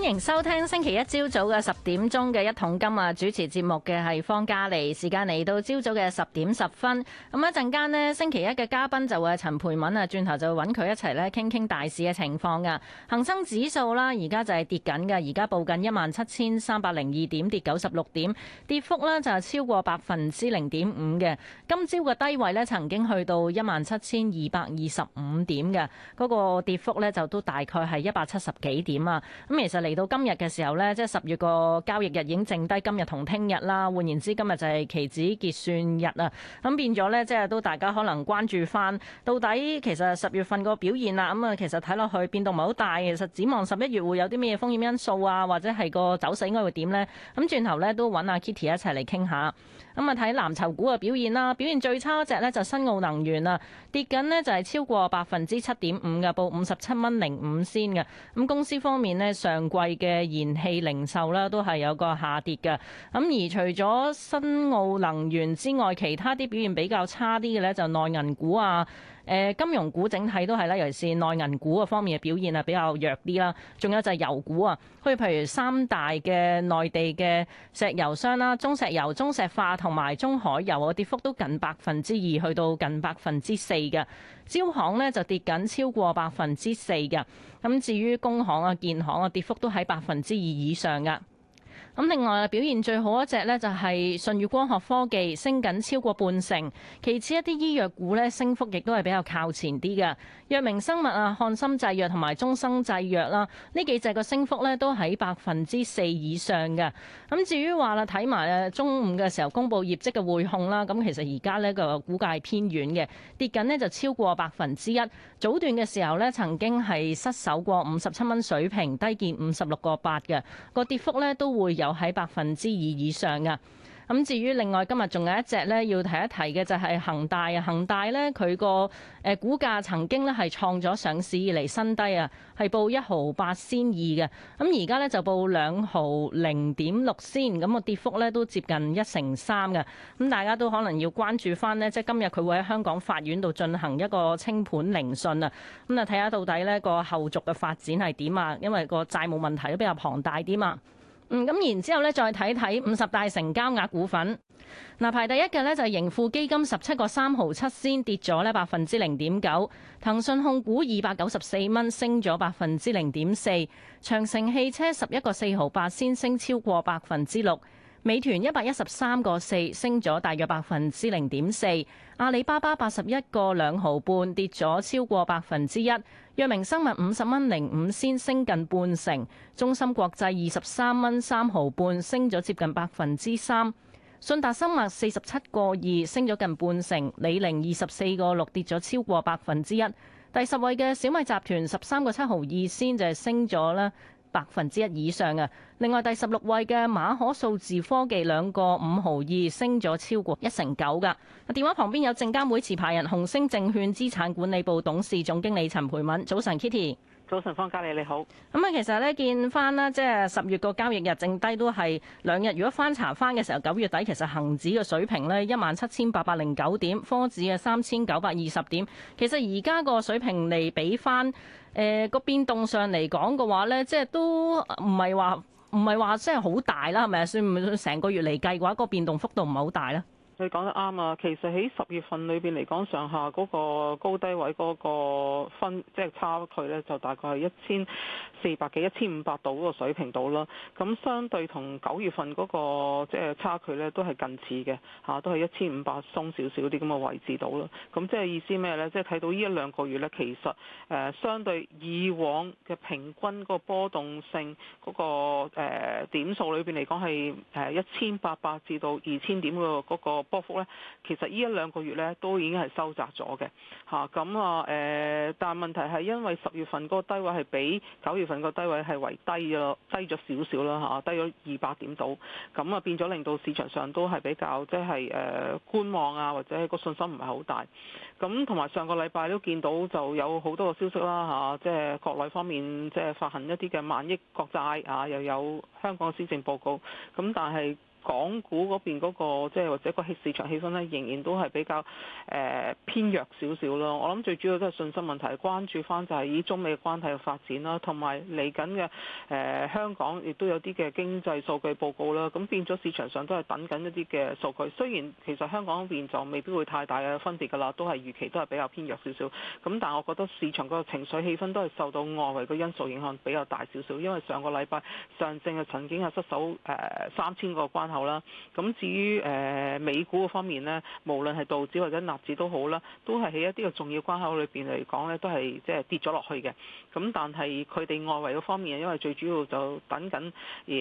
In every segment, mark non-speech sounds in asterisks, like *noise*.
歡迎收聽星期一朝早嘅十點鐘嘅一桶金啊！主持節目嘅係方嘉莉，時間嚟到朝早嘅十點十分。咁一陣間呢，星期一嘅嘉賓就會係陳蓓敏啊，轉頭就會揾佢一齊咧傾傾大市嘅情況噶。恒生指數啦，而家就係跌緊嘅，而家報緊一萬七千三百零二點，跌九十六點，跌幅呢就係超過百分之零點五嘅。今朝嘅低位呢，曾經去到一萬七千二百二十五點嘅，嗰、嗰個跌幅呢，就都大概係一百七十幾點啊。咁其實嚟嚟到今日嘅時候咧，即係十月個交易日已經剩低今日同聽日啦。換言之，今日就係期指結算日啊。咁變咗咧，即係都大家可能關注翻，到底其實十月份個表現啦，咁、嗯、啊其實睇落去變動唔係好大。其實展望十一月會有啲咩風險因素啊，或者係個走勢應該會點咧？咁轉頭咧都揾阿 Kitty 一齊嚟傾下。咁啊睇藍籌股嘅表現啦，表現最差嗰隻咧就新奧能源啊，跌緊咧就係超過百分之七點五嘅，報五十七蚊零五仙嘅。咁公司方面咧上。嘅燃氣零售啦，都係有個下跌嘅。咁而除咗新奧能源之外，其他啲表現比較差啲嘅咧，就內銀股啊。誒，金融股整體都係啦，尤其是內銀股方面嘅表現啊比較弱啲啦。仲有就係油股啊，譬如三大嘅內地嘅石油商啦，中石油、中石化同埋中海油嘅跌幅都近百分之二，去到近百分之四嘅。招行呢就跌緊超過百分之四嘅。咁至於工行啊、建行啊，跌幅都喺百分之二以上嘅。咁另外啊，表現最好一隻呢就係舜宇光學科技，升緊超過半成。其次一啲醫藥股咧，升幅亦都係比較靠前啲嘅，藥明生物啊、漢森製藥同埋中生製藥啦，呢幾隻個升幅咧都喺百分之四以上嘅。咁至於話啦，睇埋啊中午嘅時候公佈業績嘅滙控啦，咁其實而家呢個股價係偏軟嘅，跌緊呢就超過百分之一。早段嘅時候呢，曾經係失守過五十七蚊水平，低見五十六個八嘅個跌幅呢都會有。喺百分之二以上嘅。咁至於另外今日仲有一隻呢要提一提嘅就係恒大啊！恒大呢，佢個誒股價曾經呢係創咗上市以嚟新低啊，係報一毫八仙二嘅。咁而家呢，就報兩毫零點六仙。咁個跌幅呢都接近一成三嘅。咁大家都可能要關注翻呢，即係今日佢會喺香港法院度進行一個清盤聆訊啊。咁啊睇下到底呢個後續嘅發展係點啊？因為個債務問題都比較龐大啲嘛。嗯，咁然之後咧，再睇睇五十大成交額股份。嗱，排第一嘅咧就係盈富基金十七個三毫七仙，跌咗咧百分之零點九。騰訊控股二百九十四蚊，升咗百分之零點四。長城汽車十一個四毫八仙，升超過百分之六。美團一百一十三個四，升咗大約百分之零點四；阿里巴巴八十一個兩毫半，跌咗超過百分之一；藥明生物五十蚊零五仙，升近半成；中芯國際二十三蚊三毫半，升咗接近百分之三；信達生物四十七個二，升咗近半成；李寧二十四個六，跌咗超過百分之一；第十位嘅小米集團十三個七毫二仙就係升咗啦。百分之一以上嘅，另外第十六位嘅馬可數字科技兩個五毫二，升咗超過一成九噶。電話旁邊有證監會持牌人紅星證券資產管理部董事總經理陳蓓敏，早晨，Kitty。早晨，方嘉莉你好。咁啊，其實呢見翻啦，即係十月個交易日，剩低都係兩日。如果翻查翻嘅時候，九月底其實恒指嘅水平呢，一萬七千八百零九點，科指嘅三千九百二十點。其實而家個水平嚟比翻。誒個、呃、變動上嚟講嘅話咧，即係都唔係話唔係話即係好大啦，係咪啊？算唔算成個月嚟計嘅話，個變動幅度唔係好大啦。你講得啱啊！其實喺十月份裏邊嚟講，上下嗰個高低位嗰個分即係、就是、差距呢，就大概係一千四百幾、一千五百度嗰個水平度啦。咁相對同九月份嗰、那個即係、就是、差距呢，都係近似嘅嚇，都係一千五百鬆少少啲咁嘅位置度啦。咁即係意思咩呢？即係睇到呢一兩個月呢，其實誒相對以往嘅平均嗰個波動性嗰、那個誒、呃、點數裏邊嚟講係誒一千八百至到二千點嘅嗰、那個。波幅呢，其實呢一兩個月呢都已經係收窄咗嘅，嚇咁啊誒，但係問題係因為十月份個低位係比九月份個低位係為低咗，低咗少少啦嚇，低咗二百點到，咁啊變咗令到市場上都係比較即係誒觀望啊，或者個信心唔係好大，咁同埋上個禮拜都見到就有好多個消息啦嚇，即係國內方面即係發行一啲嘅萬億國債啊，又有香港嘅施政報告，咁啊但係。港股嗰邊嗰、那個即係或者個市場氣氛咧，仍然都係比較誒、呃、偏弱少少咯。我諗最主要都係信心問題，關注翻就係以中美嘅關係嘅發展啦，同埋嚟緊嘅誒香港亦都有啲嘅經濟數據報告啦。咁變咗市場上都係等緊一啲嘅數據，雖然其實香港嗰邊就未必會太大嘅分別㗎啦，都係預期都係比較偏弱少少。咁但係我覺得市場個情緒氣氛都係受到外圍嘅因素影響比較大少少，因為上個禮拜上證係曾經係失守誒三千個關。後啦，咁至於誒美股方面呢，無論係道指或者納指都好啦，都係喺一啲嘅重要關口裏邊嚟講呢都係即係跌咗落去嘅。咁但係佢哋外圍嘅方面，因為最主要就等緊誒十一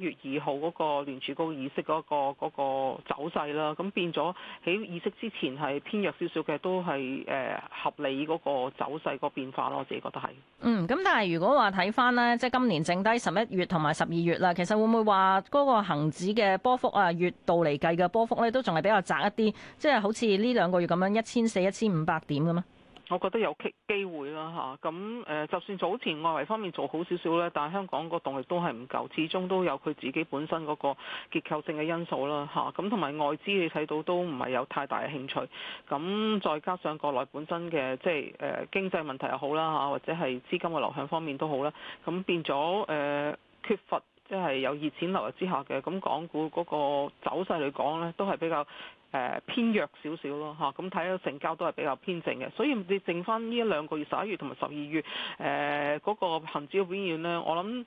月二號嗰個聯儲局議息嗰個走勢啦。咁變咗喺議息之前係偏弱少少嘅，都係誒合理嗰個走勢個變化咯。我自己覺得係。嗯，咁但係如果話睇翻呢，即係今年剩低十一月同埋十二月啦，其實會唔會話嗰個恆指？指嘅波幅啊，月度嚟計嘅波幅咧，都仲係比較窄一啲，即係好似呢兩個月咁樣一千四、一千五百點咁樣。1, 4, 1, 5，我覺得有機會啦吓，咁、啊、誒就算早前外圍方面做好少少咧，但係香港個動力都係唔夠，始終都有佢自己本身嗰個結構性嘅因素啦吓，咁同埋外資你睇到都唔係有太大嘅興趣，咁、啊、再加上國內本身嘅即係誒經濟問題又好啦吓、啊，或者係資金嘅流向方面都好啦，咁、啊、變咗誒、呃、缺乏。即係有熱錢流入之下嘅，咁港股嗰個走勢嚟講呢，都係比較誒偏弱少少咯嚇。咁睇到成交都係比較偏靜嘅，所以你剩翻呢一兩個月十一月同埋十二月誒嗰個恆指嘅表現呢，我諗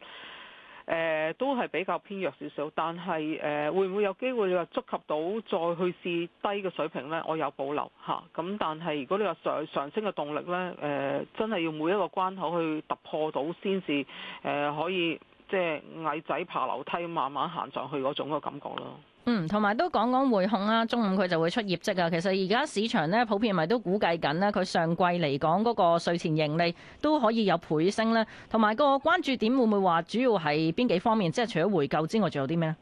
誒都係比較偏弱少少、那個呃。但係誒、呃、會唔會有機會你話觸及到再去試低嘅水平呢？我有保留嚇。咁、啊、但係如果你話上上升嘅動力呢，誒、呃、真係要每一個關口去突破到先至誒可以。即係矮仔爬樓梯，慢慢行上去嗰種感覺咯。嗯，同埋都講講匯控啦，中午佢就會出業績啊。其實而家市場咧，普遍咪都估計緊咧，佢上季嚟講嗰個稅前盈利都可以有倍升咧。同埋個關注點會唔會話主要係邊幾方面？即係除咗回購之外，仲有啲咩咧？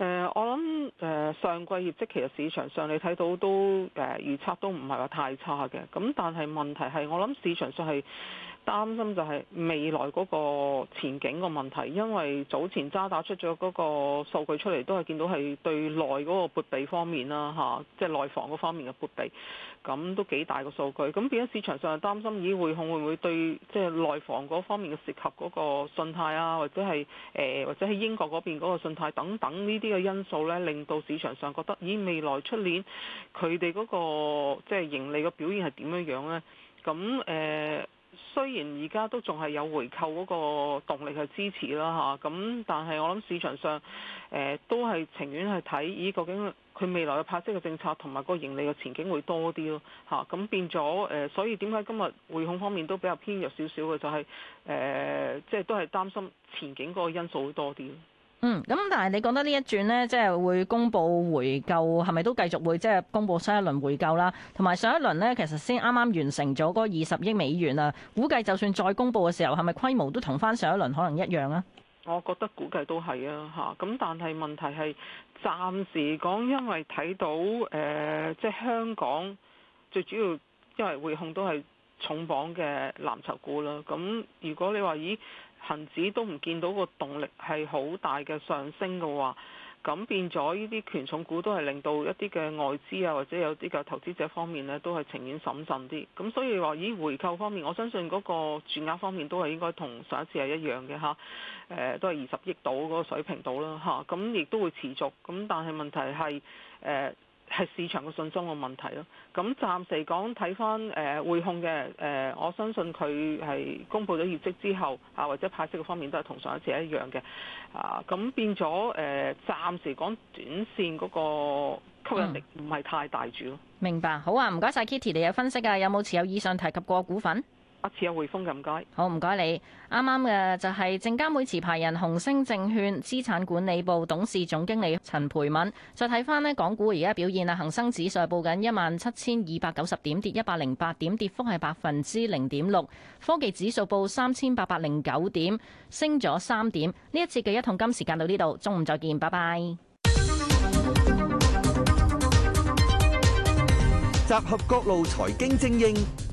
誒，我諗誒上季業績其實市場上你睇到都誒預測都唔係話太差嘅，咁但係問題係我諗市場上係擔心就係未來嗰個前景個問題，因為早前渣打出咗嗰個數據出嚟，都係見到係對內嗰個撥備方面啦，嚇，即係內房嗰方面嘅撥備。咁都幾大個數據，咁變咗市場上擔心，以匯控會唔會對即係內房嗰方面嘅涉及嗰個信貸啊，或者係誒、呃、或者喺英國嗰邊嗰個信貸等等呢啲嘅因素呢，令到市場上覺得，咦，未來出年佢哋嗰個即係、就是、盈利嘅表現係點樣樣呢？咁誒、呃，雖然而家都仲係有回購嗰個動力去支持啦嚇，咁、啊、但係我諗市場上誒、呃、都係情願去睇，咦、呃、究竟佢未來嘅派息嘅政策同埋個盈利嘅前景會多啲咯，嚇，咁變咗誒，所以點解今日匯控方面都比較偏弱少少嘅，就係、是、誒，即、呃、係、就是、都係擔心前景嗰個因素會多啲。嗯，咁但係你覺得呢一轉呢，即係會公布回購，係咪都繼續會即係公布新一輪回購啦？同埋上一輪呢，其實先啱啱完成咗嗰二十億美元啊，估計就算再公布嘅時候，係咪規模都同翻上一輪可能一樣啊？我覺得估計都係啊，嚇、啊！咁但係問題係，暫時講，因為睇到誒、呃，即係香港最主要，因為匯控都係重磅嘅藍籌股啦。咁、啊、如果你話咦，恒指都唔見到個動力係好大嘅上升嘅話，咁變咗呢啲權重股都係令到一啲嘅外資啊，或者有啲嘅投資者方面呢，都係情願審慎啲。咁所以話，以回購方面，我相信嗰個轉額方面都係應該同上一次係一樣嘅嚇。誒，都係二十億到嗰個水平到啦嚇。咁亦都會持續。咁但係問題係誒。呃係市場嘅信心嘅問題咯，咁暫時講睇返誒匯控嘅誒，我相信佢係公布咗業績之後啊，或者派息嘅方面都係同上一次一樣嘅，啊，咁變咗誒暫時講短線嗰個吸引力唔係太大住咯。嗯。明白，好啊，唔該晒。Kitty 你有分析啊，有冇持有以上提及過股份？一次有滙豐就唔該。好，唔該你。啱啱嘅就係證監會持牌人宏星證券資產管理部董事總經理陳蓓敏。再睇翻，呢港股而家表現啊，恒生指數報緊一萬七千二百九十點，跌一百零八點，跌幅係百分之零點六。科技指數報三千八百零九點，升咗三點。呢一次嘅一桶金時間到呢度，中午再見，拜拜。集合各路財經精英。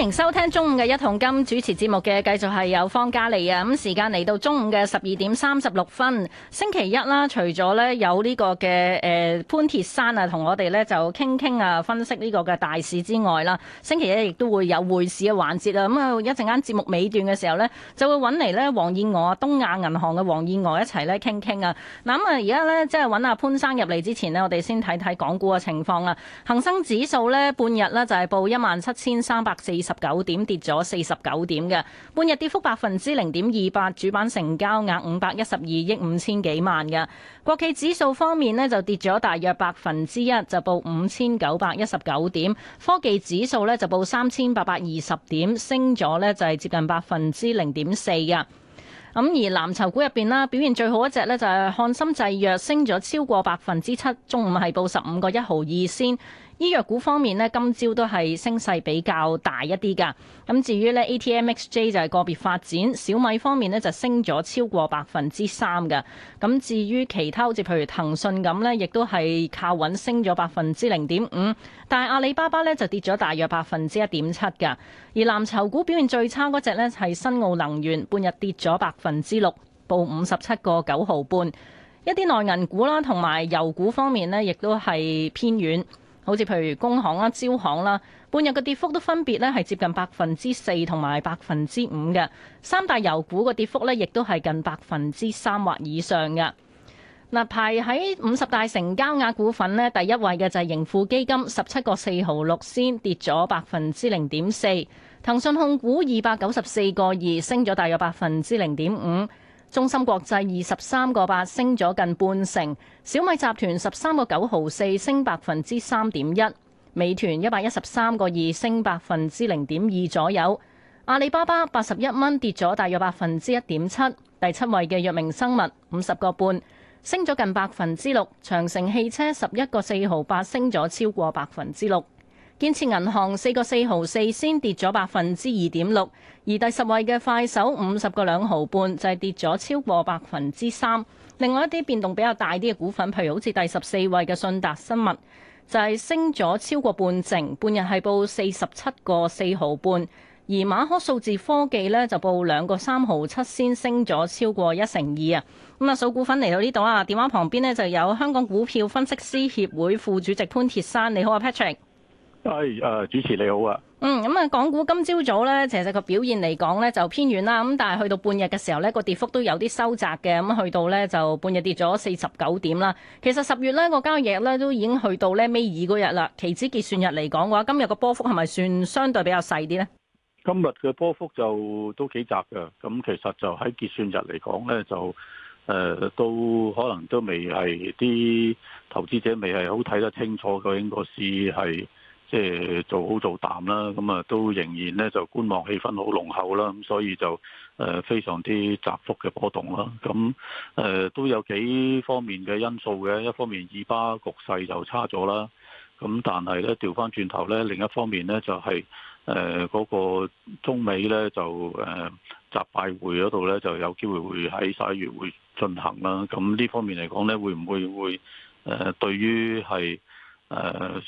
歡迎收聽中午嘅一桶金主持節目嘅，繼續係有方嘉利啊，咁時間嚟到中午嘅十二點三十六分，星期一啦，除咗呢有呢個嘅誒潘鐵珊啊，同我哋呢就傾傾啊，分析呢個嘅大市之外啦，星期一亦都會有匯市嘅環節啦，咁啊一陣間節目尾段嘅時候呢，就會揾嚟呢黃燕娥啊，東亞銀行嘅黃燕娥一齊咧傾傾啊，嗱咁啊而家呢，即係揾阿潘生入嚟之前呢，我哋先睇睇港股嘅情況啦，恒生指數呢，半日呢就係報一萬七千三百四十。十九點，跌咗四十九點嘅，半日跌幅百分之零點二八，主板成交額五百一十二億五千幾萬嘅。國企指數方面呢，就跌咗大約百分之一，就報五千九百一十九點。科技指數呢，就報三千八百二十點，升咗呢，就係接近百分之零點四嘅。咁而藍籌股入邊啦，表現最好一隻呢，就係漢森製藥，升咗超過百分之七，中午係報十五個一毫二先。醫藥股方面呢，今朝都係升勢比較大一啲噶。咁至於呢 ATMXJ 就係個別發展。小米方面呢就升咗超過百分之三噶。咁至於其他，即係譬如騰訊咁呢，亦都係靠穩升咗百分之零點五。但係阿里巴巴呢，就跌咗大約百分之一點七噶。而藍籌股表現最差嗰隻呢，係新奧能源，半日跌咗百分之六，報五十七個九毫半。一啲內銀股啦，同埋油股方面呢，亦都係偏軟。好似譬如工行啦、招行啦，半日嘅跌幅都分別咧係接近百分之四同埋百分之五嘅三大油股嘅跌幅咧，亦都係近百分之三或以上嘅嗱。排喺五十大成交額股份呢第一位嘅就係盈富基金十七個四毫六仙跌咗百分之零點四，騰訊控股二百九十四個二升咗大約百分之零點五。中芯國際二十三個八升咗近半成，小米集團十三個九毫四升百分之三點一，美團一百一十三個二升百分之零點二左右，阿里巴巴八十一蚊跌咗大約百分之一點七，第七位嘅藥明生物五十個半升咗近百分之六，長城汽車十一個四毫八升咗超過百分之六。建設銀行四個四毫四先跌咗百分之二點六，而第十位嘅快手五十個兩毫半就係跌咗超過百分之三。另外一啲變動比較大啲嘅股份，譬如好似第十四位嘅信達生物就係、是、升咗超過半成，半日係報四十七個四毫半。而馬可數字科技呢就報兩個三毫七，先升咗超過一成二啊！咁啊，數股份嚟到呢度啊，電話旁邊呢就有香港股票分析師協會副主席潘鐵珊，你好啊，Patrick。係誒，主持你好啊。嗯，咁啊，港股今朝早咧，其實個表現嚟講咧就偏軟啦。咁但係去到半日嘅時候咧，個跌幅都有啲收窄嘅。咁去到咧就半日跌咗四十九點啦。其實十月咧個交易日咧都已經去到咧尾二嗰日啦。期指結算日嚟講嘅話，今日個波幅係咪算相對比較細啲咧？今日嘅波幅就都幾窄㗎。咁其實就喺結算日嚟講咧，就誒、呃、都可能都未係啲投資者未係好睇得清楚究竟個市係。即係做好做淡啦，咁啊都仍然咧就觀望氣氛好濃厚啦，咁所以就誒非常啲窄幅嘅波動啦。咁誒、呃、都有幾方面嘅因素嘅，一方面以巴局勢就差咗啦。咁但係咧調翻轉頭咧，另一方面咧就係誒嗰個中美咧就誒習、呃、拜會嗰度咧就有機會會喺十一月會進行啦。咁呢方面嚟講咧，會唔會會誒對於係誒，呃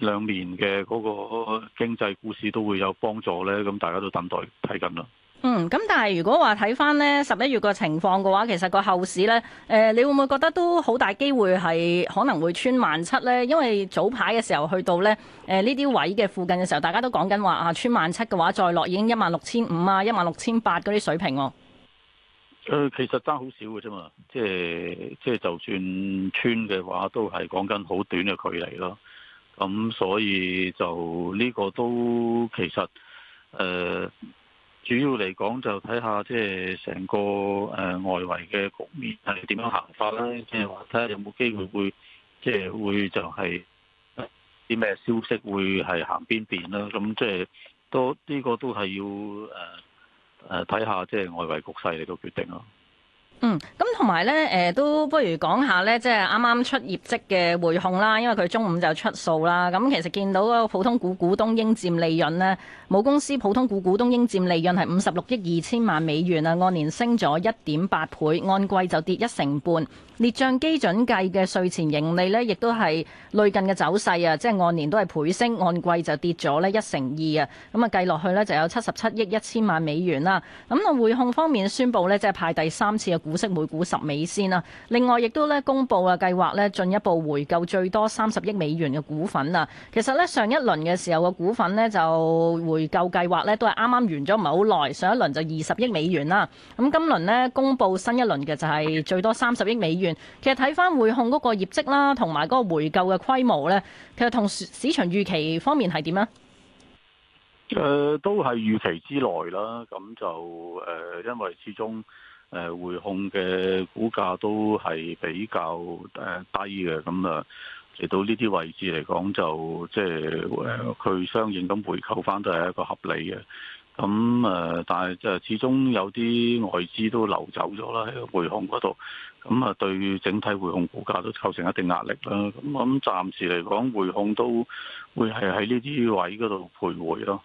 兩年嘅嗰個經濟股市都會有幫助呢，咁大家都等待睇緊啦。嗯，咁但係如果話睇翻咧十一月個情況嘅話，其實個後市呢，誒、呃，你會唔會覺得都好大機會係可能會穿萬七呢？因為早排嘅時候去到咧，誒呢啲位嘅附近嘅時候，大家都講緊話啊穿萬七嘅話再落已經一萬六千五啊，一萬六千八嗰啲水平喎、啊呃。其實爭好少嘅啫嘛，即係即係就算穿嘅話，都係講緊好短嘅距離咯。咁所以就呢個都其實誒、呃，主要嚟講就睇下即係成個誒外圍嘅局面係點樣行法啦。即係話睇下有冇機會會即係會就係啲咩消息會係行邊邊啦。咁即係都呢個都係要誒誒睇下即係外圍局勢嚟到決定咯。嗯，咁同埋咧，誒都不如講下咧，即係啱啱出業績嘅滙控啦，因為佢中午就出數啦。咁、嗯、其實見到嗰普通股股東應佔利潤呢，母公司普通股股東應佔利潤係五十六億二千萬美元啊，按年升咗一點八倍，按季就跌一成半。列帳基準計嘅稅前盈利呢，亦都係類近嘅走勢啊，即係按年都係倍升，按季就跌咗呢一成二啊。咁啊計落去呢，就有七十七億一千萬美元啦。咁啊，匯控方面宣布呢，即係派第三次嘅股息每股十美仙啦。另外亦都呢，公布啊計劃呢，進一步回購最多三十億美元嘅股份啊。其實呢，上一輪嘅時候嘅股份呢，就回購計劃呢，都係啱啱完咗，唔係好耐。上一輪就二十億美元啦。咁今輪呢，公布新一輪嘅就係最多三十億美元。其實睇翻匯控嗰個業績啦，同埋嗰個回購嘅規模咧，其實同市場預期方面係點呀？誒、呃，都係預期之內啦。咁就誒、呃，因為始終誒匯控嘅股價都係比較誒低嘅。咁啊，嚟到呢啲位置嚟講，就即係誒，佢、呃、相應咁回購翻都係一個合理嘅。咁誒、嗯，但係即係始終有啲外資都流走咗啦，喺個匯控嗰度。咁啊，對整體匯控股價都構成一定壓力啦。咁、嗯、暫時嚟講，匯控都會係喺呢啲位嗰度徘徊咯。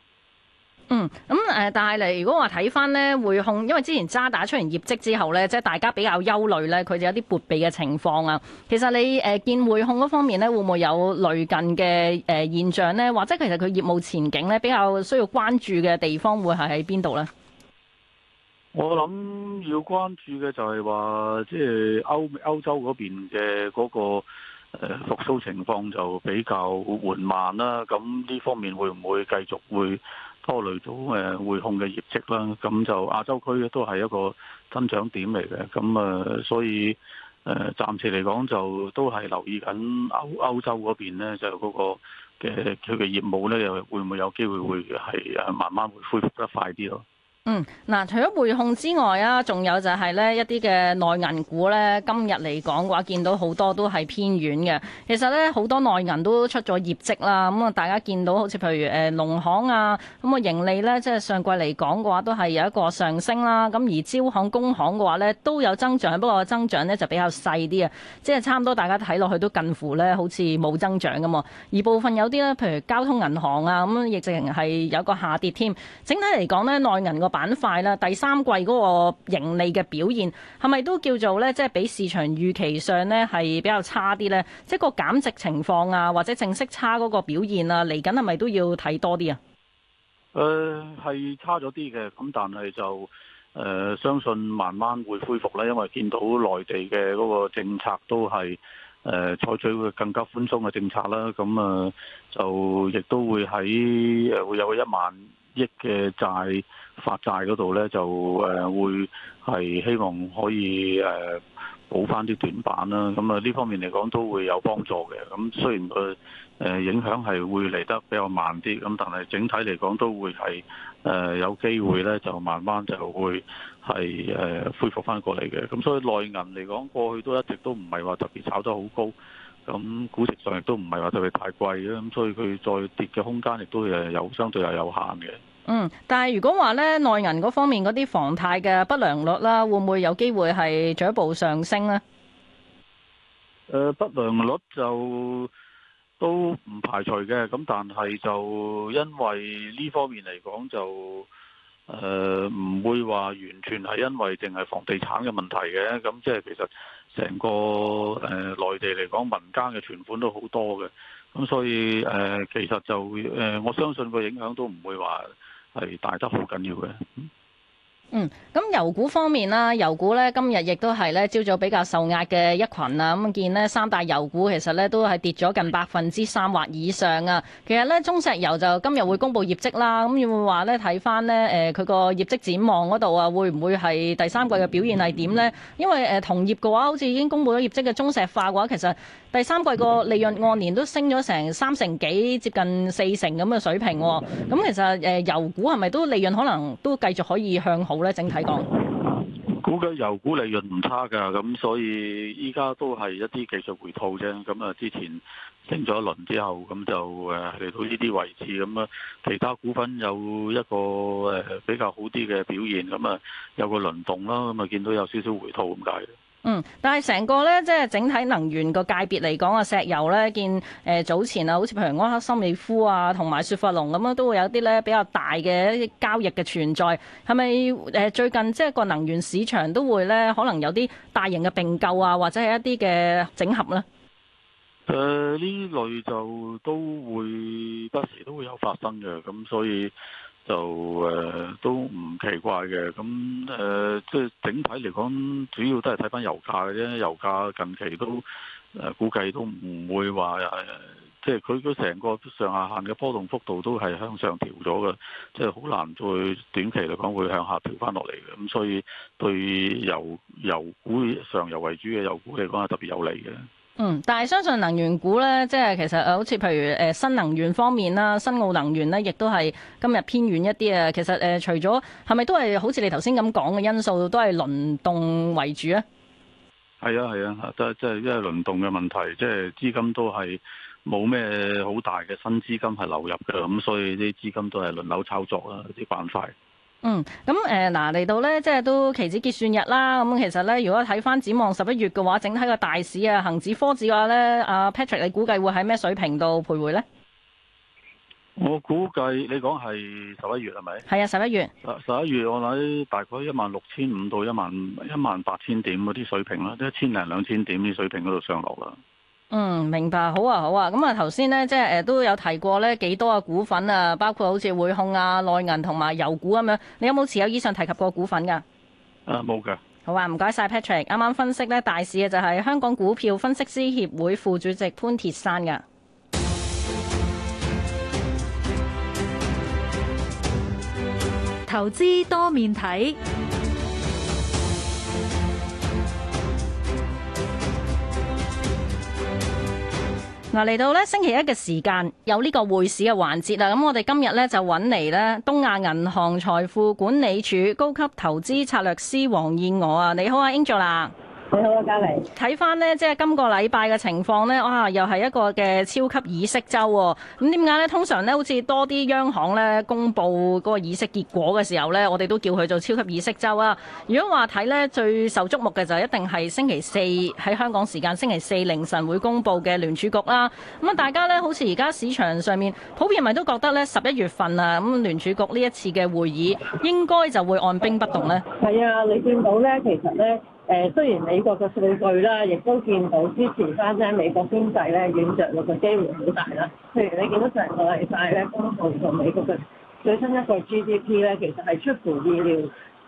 嗯，咁誒，但係嚟，如果話睇翻咧，匯控，因為之前渣打出完業績之後咧，即係大家比較憂慮咧，佢哋有啲撥備嘅情況啊。其實你誒見匯控嗰方面咧，會唔會有類近嘅誒現象咧？或者其實佢業務前景咧比較需要關注嘅地方會係喺邊度咧？我諗要關注嘅就係話，即係歐歐洲嗰邊嘅嗰個誒復甦情況就比較緩慢啦。咁呢方面會唔會繼續會？拖累到誒匯控嘅業績啦，咁就亞洲區都係一個增長點嚟嘅，咁誒所以誒、呃、暫時嚟講就都係留意緊歐歐洲嗰邊咧，就嗰、嗰個嘅佢嘅業務咧，又會唔會有機會會係誒慢慢會恢復得快啲咯？嗯，嗱、啊，除咗匯控之外啊，仲有就係呢一啲嘅內銀股呢今日嚟講嘅話，見到好多都係偏軟嘅。其實呢，好多內銀都出咗業績啦，咁、嗯、啊，大家見到好似譬如誒、呃、農行啊，咁、嗯、啊盈利呢，即係上季嚟講嘅話，都係有一個上升啦。咁而招行、工行嘅話呢，都有增長，不過增長呢就比較細啲啊，即係差唔多大家睇落去都近乎呢好似冇增長咁嘛。而部分有啲呢，譬如交通銀行啊，咁亦淨係有個下跌添。整體嚟講呢，內銀個板塊啦，第三季嗰個盈利嘅表現係咪都叫做咧，即係比市場預期上咧係比較差啲咧？即係個減值情況啊，或者正式差嗰個表現啊，嚟緊係咪都要睇多啲啊？誒、呃，係差咗啲嘅，咁但係就誒、呃，相信慢慢會恢復啦，因為見到內地嘅嗰個政策都係誒採取會更加寬鬆嘅政策啦，咁啊就亦都會喺誒會有一萬億嘅債。發債嗰度呢，就誒會係希望可以誒、呃、補翻啲短板啦，咁啊呢方面嚟講都會有幫助嘅。咁雖然佢誒影響係會嚟得比較慢啲，咁但係整體嚟講都會係誒、呃、有機會呢，就慢慢就會係誒、呃、恢復翻過嚟嘅。咁所以內銀嚟講過去都一直都唔係話特別炒得好高，咁估值上亦都唔係話特別太貴啊，咁所以佢再跌嘅空間亦都誒有相對係有限嘅。嗯，但係如果話咧，內銀嗰方面嗰啲房貸嘅不良率啦，會唔會有機會係進一步上升呢？誒，不良率就都唔排除嘅，咁但係就因為呢方面嚟講就誒唔會話完全係因為淨係房地產嘅問題嘅，咁即係其實成個誒內地嚟講，民間嘅存款都好多嘅，咁所以誒其實就誒我相信個影響都唔會話。係大得好緊要嘅。嗯，咁、嗯、油股方面啦，油股咧今日亦都係咧朝早比較受壓嘅一群啊，咁、嗯、見咧三大油股其實咧都係跌咗近百分之三或以上啊。其實咧中石油就今日會公布業績啦，咁會唔會話咧睇翻咧誒佢個業績展望嗰度啊，會唔會係第三季嘅表現係點咧？因為誒同業嘅話好似已經公布咗業績嘅中石化嘅話，其實第三季個利潤按年都升咗成三成幾接近四成咁嘅水平喎、啊。咁、嗯、其實誒、呃、油股係咪都利潤可能都繼續可以向好？整體講，估計油股利潤唔差㗎，咁所以依家都係一啲技術回吐啫。咁啊，之前升咗一輪之後，咁就誒嚟到呢啲位置咁啊，其他股份有一個誒比較好啲嘅表現，咁啊有個輪動啦，咁啊見到有少少回吐。咁解。嗯，但係成個咧，即係整體能源個界別嚟講啊，石油咧見誒、呃，早前啊，好似譬如安克森美孚啊，同埋雪佛龍咁樣，都會有啲咧比較大嘅一啲交易嘅存在，係咪誒？最近即係個能源市場都會咧，可能有啲大型嘅併購啊，或者係一啲嘅整合咧。誒、呃，呢類就都會不時都會有發生嘅，咁所以。就誒、呃、都唔奇怪嘅，咁誒即係整體嚟講，主要都係睇翻油價嘅啫。油價近期都誒、呃、估計都唔會話，誒、呃，即係佢佢成個上下限嘅波動幅度都係向上調咗嘅，即係好難再短期嚟講會向下調翻落嚟嘅。咁所以對油油股上游為主嘅油股嚟講，係特別有利嘅。嗯，但係相信能源股咧，即係其實誒，好似譬如誒，新能源方面啦，新奧能源咧，亦都係今日偏軟一啲啊。其實誒，除咗係咪都係好似你頭先咁講嘅因素，都係輪動為主咧？係啊係啊，都係即係即係輪動嘅問題，即係資金都係冇咩好大嘅新資金係流入噶，咁所以啲資金都係輪流操作啦，啲板塊。嗯，咁、嗯、誒，嗱嚟到咧，即係都期指結算日啦。咁、嗯、其實咧，如果睇翻展望十一月嘅話，整體個大市啊，恒指、科指嘅話咧，阿、啊、Patrick 你估計會喺咩水平度徘徊咧、啊？我估計你講係十一月係咪？係啊，十一月。十一月我諗大概一萬六千五到一萬一萬八千點嗰啲水平啦，一千零兩千點啲水平嗰度上落啦。嗯，明白。好啊，好啊。咁、嗯、啊，頭先咧，即係誒、呃，都有提過咧，幾多嘅股份啊，包括好似匯控啊、內銀同埋油股咁、啊、樣。你有冇持有以上提及過股份噶？啊，冇噶。好啊，唔該晒 Patrick。啱啱分析咧，大市嘅就係香港股票分析師協會副主席潘鐵珊噶。投資多面睇。嗱，嚟到星期一嘅時間，有呢個匯市嘅環節啊！咁我哋今日咧就揾嚟咧，東亞銀行財富管理處高級投資策略師黃燕娥啊，你好啊，Angela 啦。你好啊，嘉莉。睇翻呢，即係今個禮拜嘅情況呢，哇、啊，又係一個嘅超級議息周。咁點解呢？通常呢，好似多啲央行呢，公布個議息結果嘅時候呢，我哋都叫佢做超級議息周啊。如果話睇呢，最受矚目嘅就一定係星期四喺香港時間星期四凌晨會公布嘅聯儲局啦。咁、嗯、啊，大家呢，好似而家市場上面普遍咪都覺得呢十一月份啊，咁聯儲局呢一次嘅會議應該就會按兵不動呢。係啊，你見到呢，其實呢。誒雖然美國嘅數據啦，亦都見到支持翻咧美國經濟咧軟著陸嘅機會好大啦。譬如你見到上個禮拜咧公布個美國嘅最新一個 GDP 咧，其實係出乎意料，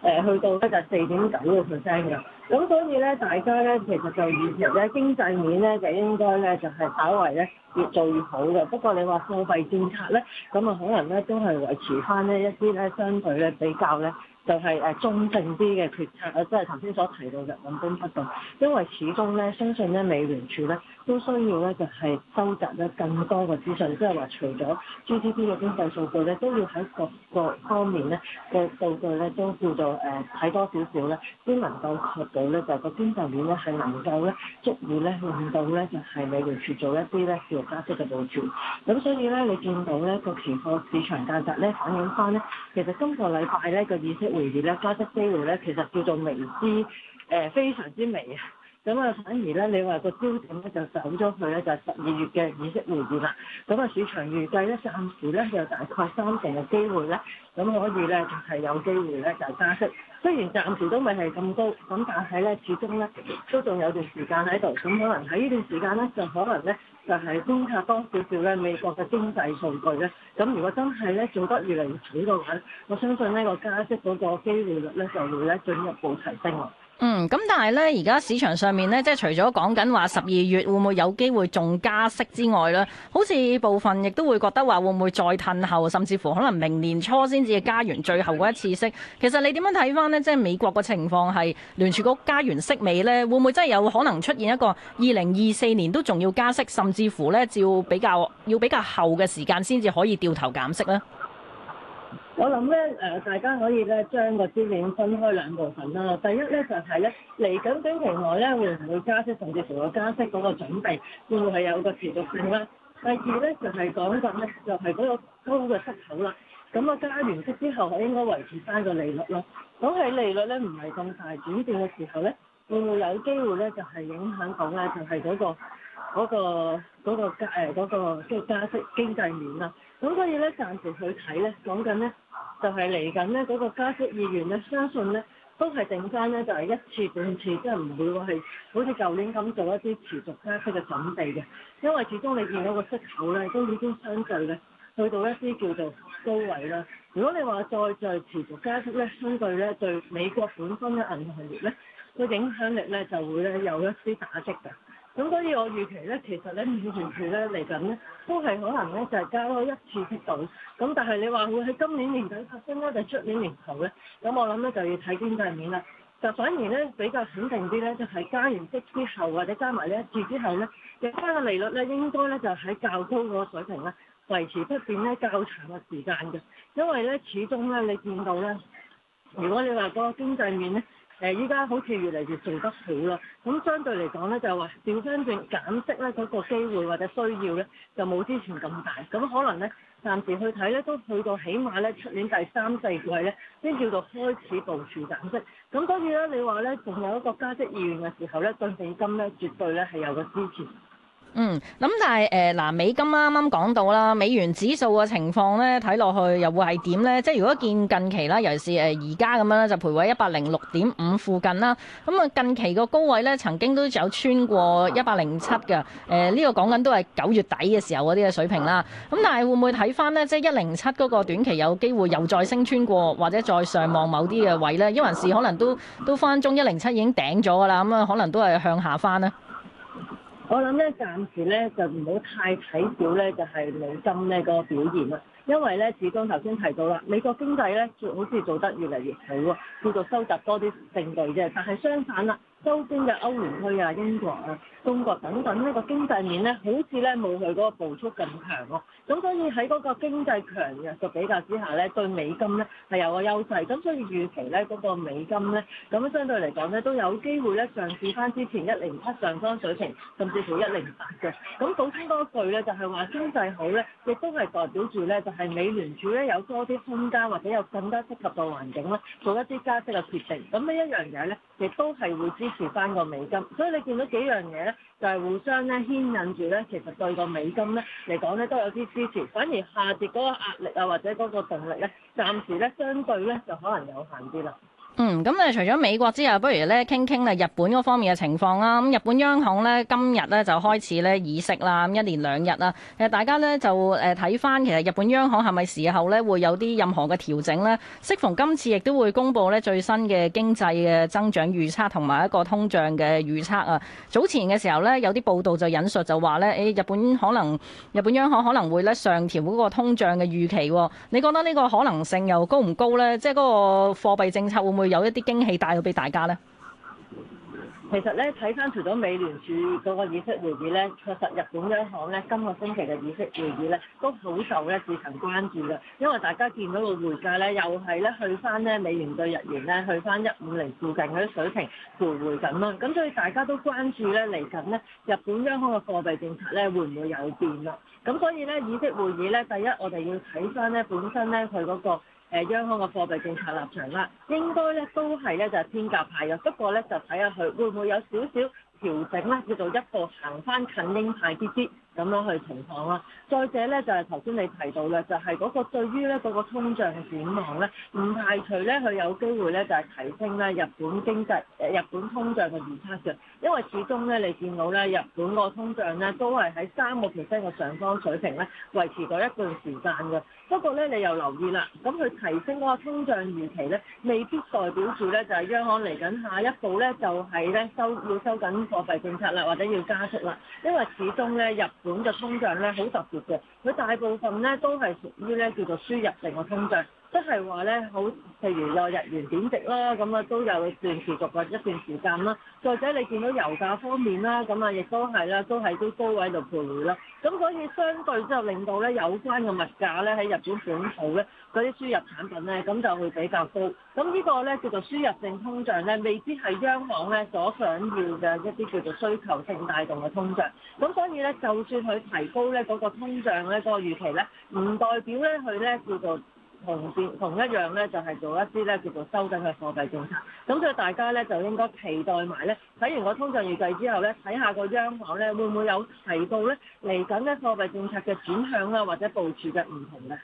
誒去到咧就四點九個 percent 嘅。咁所以咧，大家咧其實就預期咧經濟面咧就應該咧就係稍為咧越做越好嘅。不過你話貨幣政策咧，咁啊可能咧都係維持翻呢一啲咧相對咧比較咧，就係誒中性啲嘅決策啊，即係頭先所提到嘅按兵不動，因為始終咧相信咧，美聯儲咧都需要咧就係、是、收集咧更多嘅資訊，即係話除咗 GDP 嘅經濟數據咧，都要喺各個方面咧嘅數據咧都叫做誒睇多少少咧，都、呃、點點能夠確保咧就個經濟面咧係能夠咧足以咧令到咧就係、是、美聯儲做一啲咧叫加息嘅部署。咁、嗯、所以咧你見到咧個期貨市場價格咧反映翻咧，其實今個禮拜咧、這個議息會。業咧，加息機會咧，其實叫做微之，誒、呃、非常之微啊！ *laughs* 咁啊，反而咧，你話個焦點咧就走咗去咧，就係十二月嘅議息會議啦。咁啊，市場預計咧，暫時咧有大概三成嘅機會咧，咁可以咧係有機會咧就加息。雖然暫時都未係咁高，咁但係咧，始終咧都仲有段時間喺度。咁可能喺呢段時間咧，就可能咧就係觀察多少少咧美國嘅經濟數據咧。咁如果真係咧做得越嚟越好嘅話，我相信呢個加息嗰個機會率咧就會咧進一步提升。嗯，咁但係咧，而家市場上面咧，即係除咗講緊話十二月會唔會有機會仲加息之外咧，好似部分亦都會覺得話會唔會再褪後，甚至乎可能明年初先至加完最後嗰一次息。其實你點樣睇翻咧，即係美國嘅情況，係聯儲局加完息尾咧，會唔會真係有可能出現一個二零二四年都仲要加息，甚至乎咧照比較要比較後嘅時間先至可以掉頭減息咧？我諗咧，誒、呃、大家可以咧將個焦點分開兩部分啦。第一咧就係、是、咧，嚟緊短期內咧會唔會加息，甚至乎個加息嗰個準備會唔會係有個持續性啦、啊？第二咧就係講緊咧，就係、是、嗰、就是那個高嘅息口啦。咁、嗯、啊，加完息之後，我應該維持返個利率咯。咁喺利率咧唔係咁大轉變嘅時候咧，會唔會有機會咧就係、是、影響到咧，就係、是、嗰、那個嗰、那個嗰即係加息經濟面啦、啊？咁所以咧，暫時去睇咧，講緊咧，就係嚟緊咧嗰個加息意願咧，相信咧都係定翻咧，就係一次半次，即係唔會話係好似舊年咁做一啲持續加息嘅準備嘅，因為始終你見到個息口咧都已經相對咧去到一啲叫做高位啦。如果你話再再持續加息咧，相對咧對美國本身嘅銀行業咧，個影響力咧就會咧有一啲打擊嘅。咁所以我預期咧，其實咧，完期咧嚟緊咧，都係可能咧，就係、是、加多一次息到。咁但係你話會喺今年年底發生咧，就出、是、年年頭咧？咁我諗咧就要睇經濟面啦。就反而咧比較肯定啲咧，就係、是、加完息之後，或者加埋呢一次之後咧，嘅息嘅利率咧，應該咧就喺、是、較高個水平咧維持不變咧較長嘅時間嘅。因為咧，始終咧，你見到咧，如果你話嗰個經濟面咧，誒，依家好似越嚟越做得好啦，咁相對嚟講咧，就係話少真正減息咧嗰個機會或者需要咧，就冇之前咁大，咁可能咧暫時去睇咧都去到起碼咧出年第三四季咧先叫做開始部署減息，咁所以咧你話咧仲有一個加息意願嘅時候咧，對美金咧絕對咧係有個支持。嗯，咁但係誒嗱，美金啱啱講到啦，美元指數嘅情況咧，睇落去又會係點咧？即係如果見近期啦，尤其是誒而家咁樣咧，就徘徊一百零六點五附近啦。咁、嗯、啊，近期個高位咧，曾經都有穿過一百零七嘅。誒、呃、呢、這個講緊都係九月底嘅時候嗰啲嘅水平啦。咁、嗯、但係會唔會睇翻呢？即係一零七嗰個短期有機會又再升穿過，或者再上望某啲嘅位咧？因為是可能都都翻中一零七已經頂咗噶啦。咁、嗯、啊，可能都係向下翻呢。我諗咧，暫時咧就唔好太睇少咧，就係、就是、美金呢、那個表現啦。因為咧，始終頭先提到啦，美國經濟咧就好似做得越嚟越好喎，叫做收集多啲證據啫。但係相反啦。周邊嘅歐元區啊、英國啊、中國等等呢個經濟面咧，好似咧冇佢嗰個步速咁強咯。咁所以喺嗰個經濟強弱嘅比較之下咧，對美金咧係有個優勢。咁所以預期咧嗰個美金咧，咁相對嚟講咧都有機會咧上試翻之前一零七上方水平，甚至乎一零八嘅。咁補充多一句咧，就係話經濟好咧，亦都係代表住咧，就係美聯儲咧有多啲空間或者有更加適合嘅環境咧，做一啲加息嘅決定。咁呢一樣嘢咧，亦都係會知。支持翻個美金，所以你見到幾樣嘢咧，就係互相咧牽引住咧，其實對個美金咧嚟講咧都有啲支持，反而下跌嗰個壓力啊或者嗰個動力咧，暫時咧相對咧就可能有限啲啦。嗯，咁、嗯、咧、嗯、除咗美國之外，不如咧傾傾日本方面嘅情況啦。咁、嗯、日本央行咧今日咧就開始咧議息啦，咁一連兩日啦。誒，大家咧就誒睇翻其實日本央行係咪時候咧會有啲任何嘅調整呢？適逢今次亦都會公布咧最新嘅經濟嘅增長預測同埋一個通脹嘅預測啊。早前嘅時候咧有啲報道就引述就話：哎「咧誒日本可能日本央行可能會咧上調嗰個通脹嘅預期喎、哦。你覺得呢個可能性又高唔高呢？即係個貨幣政策會唔會。有一啲驚喜帶到俾大家咧。其實咧睇翻除咗美聯儲嗰個議息會議咧，確實日本央行咧今個星期嘅議息會議咧，都好受咧市場關注嘅。因為大家見到個匯價咧，又係咧去翻咧美元對日元咧，去翻一五零附近嗰啲水平徘徊緊啦。咁所以大家都關注咧嚟緊呢，呢日本央行嘅貨幣政策咧，會唔會有變啦？咁所以咧議息會議咧，第一我哋要睇翻咧本身咧佢嗰個。誒央行嘅貨幣政策立場啦，應該咧都係咧就係、是、鴿派嘅，不過咧就睇下佢會唔會有少少調整咧，叫做一步行翻近鷹派啲啲咁樣去情況啦。再者咧就係頭先你提到咧，就係、是、嗰個對於咧嗰個通脹展望咧，唔排除咧佢有機會咧就係提升咧日本經濟誒日本通脹嘅預測嘅。因為始終咧你見到咧日本個通脹咧都係喺三個 percent 嘅上方水平咧維持咗一段時間嘅。不過咧你又留意啦，咁佢提升嗰個通脹預期咧未必代表住咧就係、是、央行嚟緊下，下一步咧就係、是、咧收要收緊貨幣政策啦，或者要加息啦。因為始終咧日總嘅通脹咧，好特別嘅，佢大部分咧都係屬於咧叫做輸入性嘅通脹。即係話咧，好譬如有日元貶值啦，咁、嗯、啊都有段持續嘅一段時間啦。再者你見到油價方面啦，咁啊亦都係啦，都喺都高位度徘徊啦。咁所以相對之後令到咧有關嘅物價咧喺日本本土咧嗰啲輸入產品咧，咁就會比較高。咁、嗯這個、呢個咧叫做輸入性通脹咧，未必係央行咧所想要嘅一啲叫做需求性帶動嘅通脹。咁、嗯、所以咧，就算佢提高咧嗰、那個通脹咧嗰個預期咧，唔代表咧佢咧叫做。同邊同一樣咧，就係、是、做一啲咧叫做收緊嘅貨幣政策。咁所以大家咧就應該期待埋咧睇完個通脹預計之後咧，睇下個央行咧會唔會有提到咧嚟緊嘅貨幣政策嘅轉向啦，或者部署嘅唔同咧。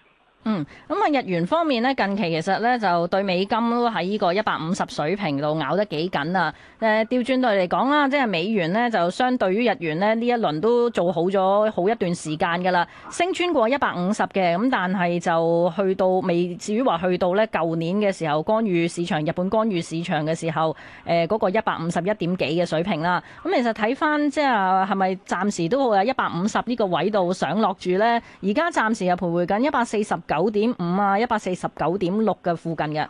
嗯，咁、嗯、啊日元方面咧，近期其實咧就對美金都喺呢個一百五十水平度咬得幾緊啊！誒、呃，調轉對嚟講啦，即係美元咧就相對於日元咧呢一輪都做好咗好一段時間噶啦，升穿過一百五十嘅，咁但係就去到未至於話去到咧舊年嘅時候干預市場日本干預市場嘅時候誒嗰、呃那個一百五十一點幾嘅水平啦。咁、嗯、其實睇翻即係，係咪暫時都有一百五十呢個位度上落住咧？而家暫時又徘徊緊一百四十九。九點五啊，一百四十九點六嘅附近嘅。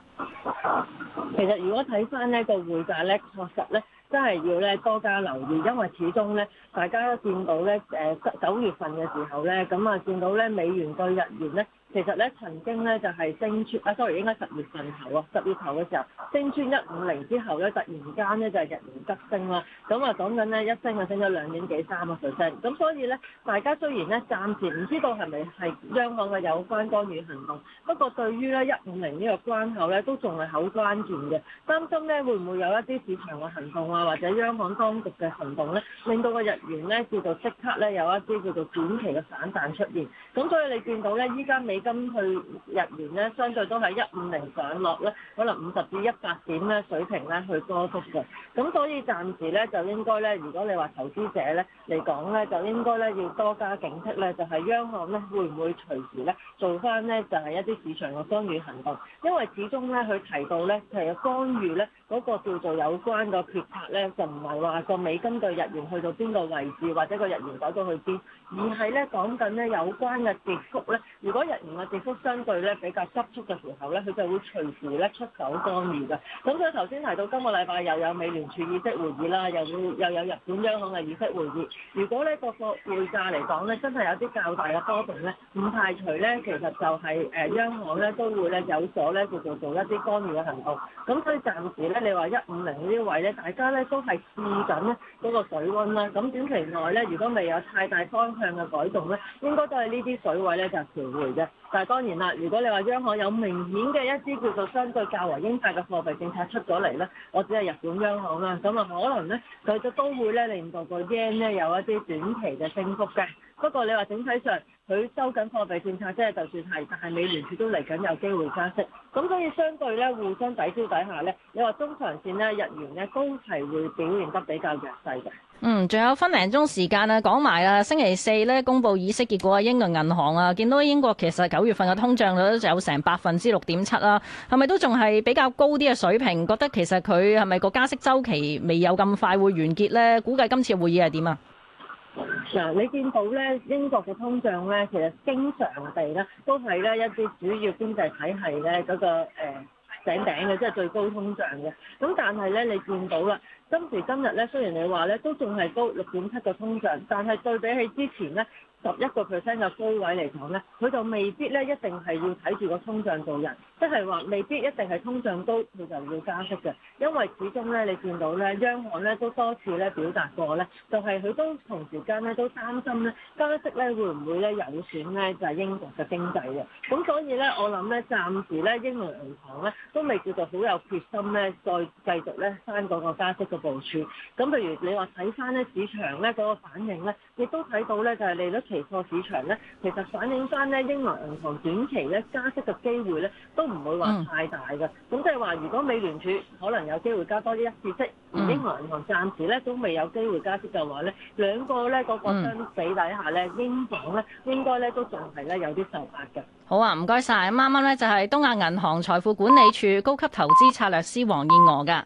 其實如果睇返呢個匯價呢，確實呢，真係要咧多加留意，因為始終呢，大家都見到呢，誒九月份嘅時候呢，咁啊見到呢美元對日元呢。其實咧，曾經咧就係、是、升穿，啊 sorry，應該十月份頭啊，十月頭嘅時候升穿一五零之後咧，突然間咧就係、是、日元急升啦。咁啊，講緊咧，一升就升咗兩點幾三個 percent。咁所以咧，大家雖然咧暫時唔知道係咪係央行嘅有關干預行動，不過對於咧一五零呢個關口咧都仲係好關鍵嘅，擔心咧會唔會有一啲市場嘅行動啊，或者央行當局嘅行動咧，令到個日元咧叫做即刻咧有一啲叫做短期嘅反彈出現。咁所以你見到咧，依家美國咁佢日元咧，相對都係一五零上落咧，可能五十至一百點咧水平咧去收縮嘅。咁所以暫時咧就應該咧，如果你話投資者咧嚟講咧，就應該咧要多加警惕咧，就係、是、央行咧會唔會隨時咧做翻咧就係、是、一啲市場嘅干預行動？因為始終咧佢提到咧其實干預咧嗰、那個叫做有關個決策咧，就唔係話個美金對日元去到邊個位置，或者個日元走咗去邊。而係咧講緊咧有關嘅跌幅咧，如果日元嘅跌幅相對咧比較急促嘅時候咧，佢就會隨時咧出手干預嘅。咁所以頭先提到今個禮拜又有美聯儲議息會議啦，又會又有日本央行嘅議息會議。如果咧個個匯價嚟講咧，真係有啲較大嘅波動咧，唔排除咧其實就係誒央行咧都會咧有所咧叫做做一啲干預嘅行動。咁所以暫時咧你話一五零呢位咧，大家咧都係試緊咧嗰個水溫啦。咁短期內咧，如果未有太大波，向嘅改動咧，應該都係呢啲水位咧就調回嘅。但係當然啦，如果你話央行有明顯嘅一啲叫做相對較為英法嘅貨幣政策出咗嚟咧，我指係日本央行啦，咁啊可能咧佢都都會咧令到個 yen 咧有一啲短期嘅升幅嘅。不過你話整體上佢收緊貨幣政策，即係就算係，但係美聯儲佢都嚟緊有機會加息。咁所以相對咧互相抵消底下咧，你話中長線咧日元咧都係會表現得比較弱勢嘅。嗯，仲有分零鐘時間啊，講埋啦。星期四咧公布議息結果啊，英倫銀行啊，見到英國其實九月份嘅通脹率都有成百分之六點七啦，係咪都仲係比較高啲嘅水平？覺得其實佢係咪個加息週期未有咁快會完結咧？估計今次嘅會議係點啊？嗱，你見到咧英國嘅通脹咧，其實經常地咧都係咧一啲主要經濟體係咧嗰個誒。頂頂嘅，即係最高通脹嘅。咁但係咧，你見到啦，今時今日咧，雖然你話咧都仲係高六點七個通脹，但係對比起之前咧，十一個 percent 嘅高位嚟講咧，佢就未必咧一定係要睇住個通脹做人，即係話未必一定係通脹高佢就要加息嘅。因為始終咧你見到咧央行咧都多次咧表達過咧，就係佢都同時間咧都擔心咧加息咧會唔會咧有損咧就係英國嘅經濟嘅，咁所以咧我諗咧暫時咧英倫銀行咧都未叫做好有決心咧再繼續咧翻嗰個加息嘅部署，咁譬如你話睇翻咧市場咧嗰個反應咧，亦都睇到咧就係利率。期貨市場咧，其實反映翻咧，英倫銀行短期咧加息嘅機會咧都唔會話太大嘅。咁即係話，如果美聯儲可能有機會加多啲一,一次息，而、嗯、英倫銀行暫時咧都未有機會加息嘅話咧，兩個咧個相比底下咧，嗯、英鎊咧應該咧都仲係咧有啲受壓嘅。好啊，唔該曬。啱啱咧就係東亞銀行財富管理處高級投資策略師黃燕娥噶。